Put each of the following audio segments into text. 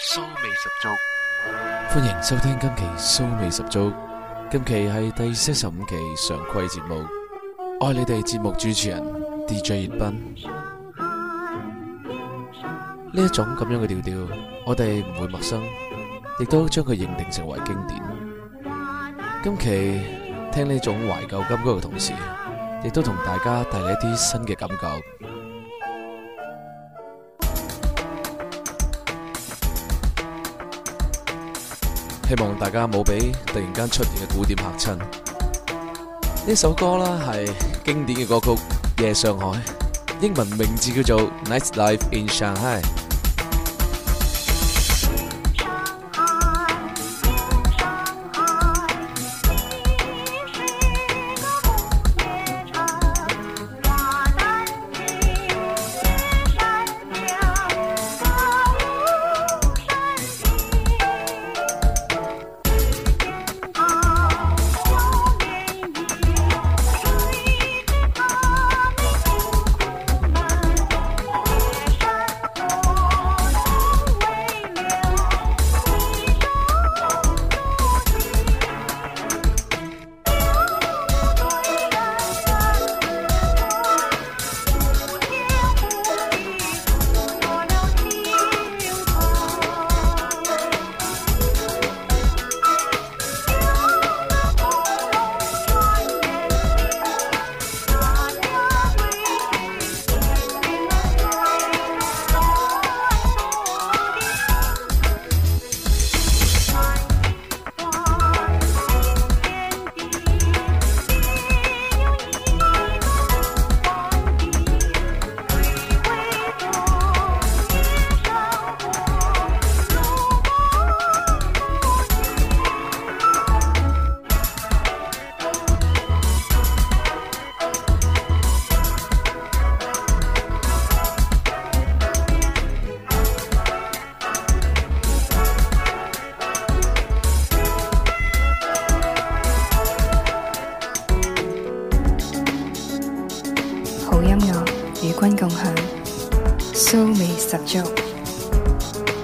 酥味十足，歡迎收聽今期酥味十足。今期係第四十五期常規節目，愛你哋節目主持人 DJ 熱斌。呢一種咁樣嘅調調，我哋唔會陌生，亦都將佢認定成為經典。今期聽呢種懷舊金曲嘅同時，亦都同大家帶嚟一啲新嘅感覺。希望大家冇俾突然間出現嘅古典嚇親。呢首歌啦，係經典嘅歌曲《夜上海》，英文名字叫做《Night Life in Shanghai》。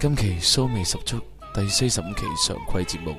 今期騷味十足，第四十五期常規節目。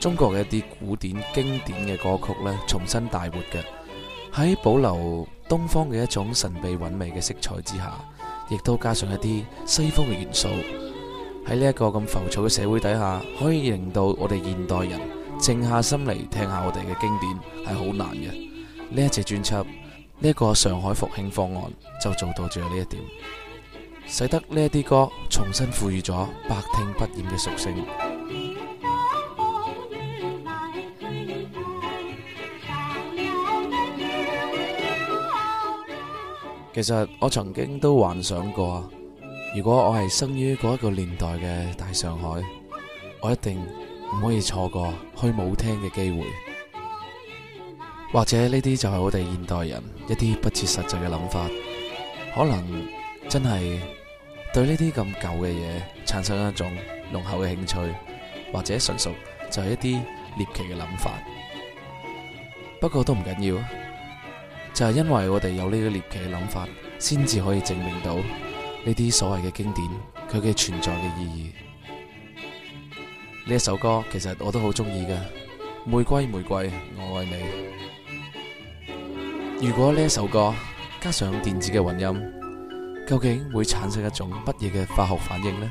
中國嘅一啲古典經典嘅歌曲呢重新大活嘅，喺保留東方嘅一種神秘韻味嘅色彩之下，亦都加上一啲西方嘅元素。喺呢一個咁浮躁嘅社會底下，可以令到我哋現代人靜下心嚟聽下我哋嘅經典係好難嘅。呢一隻專輯，呢一個上海復興方案就做到咗呢一點，使得呢一啲歌重新賦予咗百聽不厭嘅屬性。其實我曾經都幻想過，如果我係生於嗰一個年代嘅大上海，我一定唔可以錯過去舞廳嘅機會。或者呢啲就係我哋現代人一啲不切實際嘅諗法，可能真係對呢啲咁舊嘅嘢產生一種濃厚嘅興趣，或者純屬就係一啲獵奇嘅諗法。不過都唔緊要啊。就係因為我哋有呢個獵奇嘅諗法，先至可以證明到呢啲所謂嘅經典，佢嘅存在嘅意義。呢一首歌其實我都好中意嘅，《玫瑰玫瑰我愛你》。如果呢一首歌加上電子嘅混音，究竟會產生一種乜嘢嘅化學反應呢？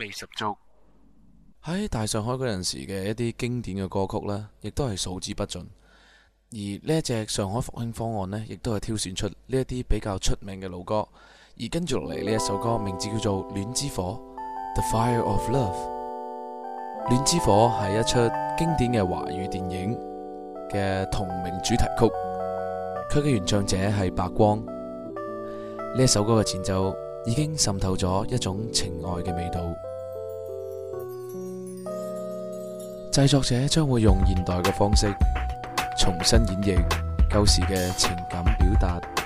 味十足，喺大上海嗰陣時嘅一啲經典嘅歌曲呢，亦都係數之不盡。而呢一隻上海復興方案呢，亦都係挑選出呢一啲比較出名嘅老歌。而跟住落嚟呢一首歌，名字叫做《戀之火》（The Fire of Love）。《戀之火》係一出經典嘅華語電影嘅同名主題曲，佢嘅原唱者係白光。呢一首歌嘅前奏已經滲透咗一種情愛嘅味道。製作者將會用現代嘅方式重新演繹舊時嘅情感表達。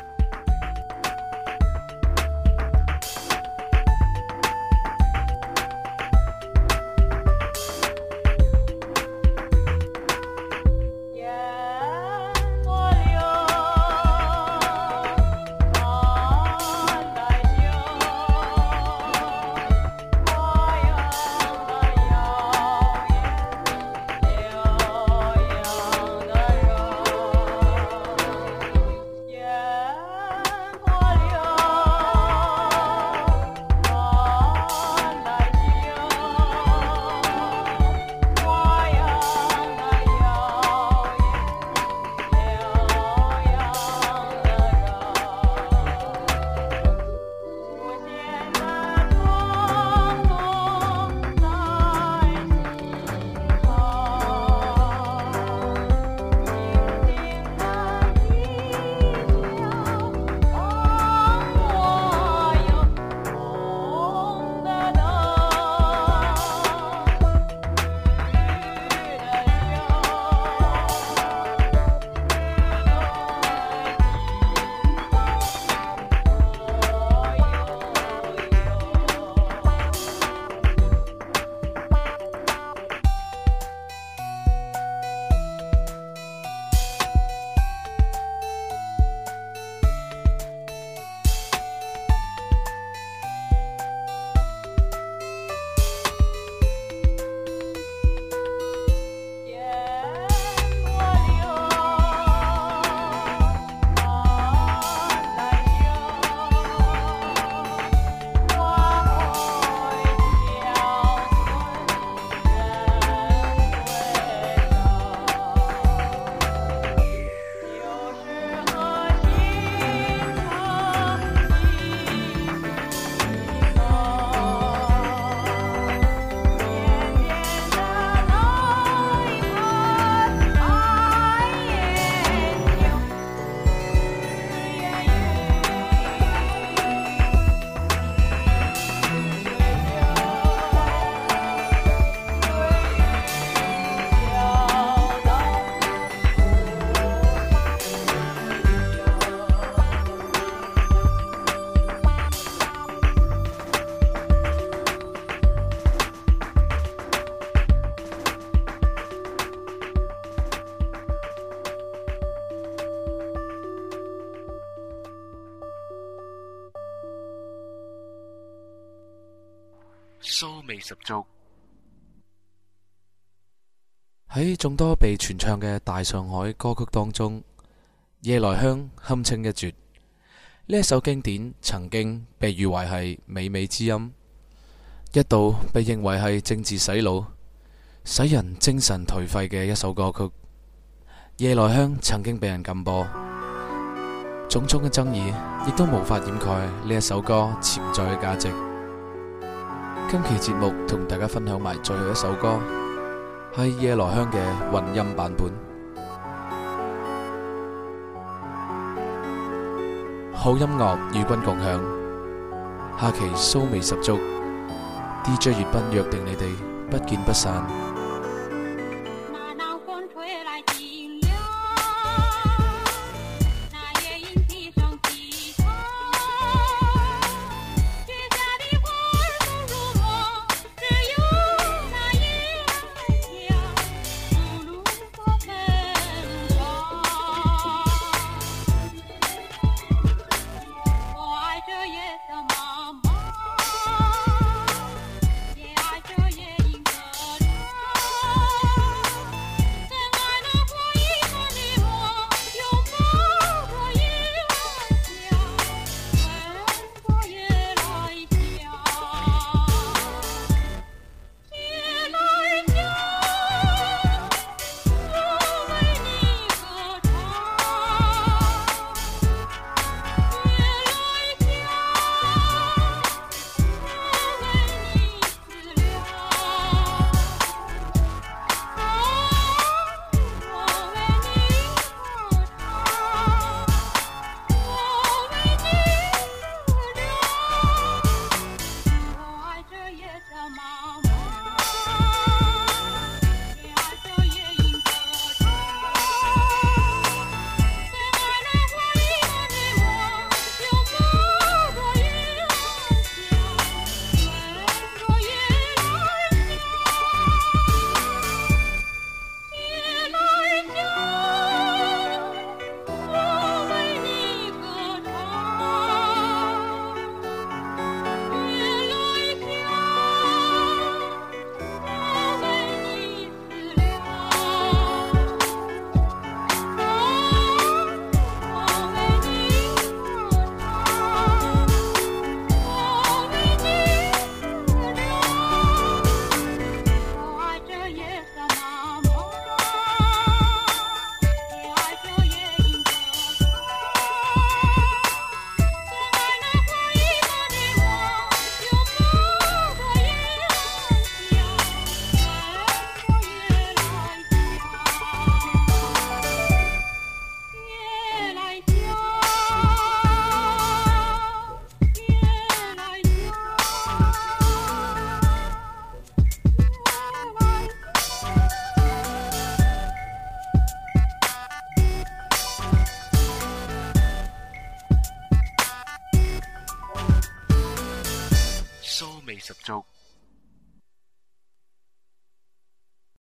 十足喺眾多被傳唱嘅大上海歌曲當中，《夜來香》堪稱一絕。呢一首經典曾經被譽為係靡靡之音，一度被認為係政治洗腦、使人精神頹廢嘅一首歌曲。《夜來香》曾經被人禁播，種種嘅爭議亦都無法掩蓋呢一首歌潛在嘅價值。今期節目同大家分享埋最後一首歌，係夜來香嘅混音版本。好音樂與君共享，下期騷味十足，DJ 月斌約定你哋不見不散。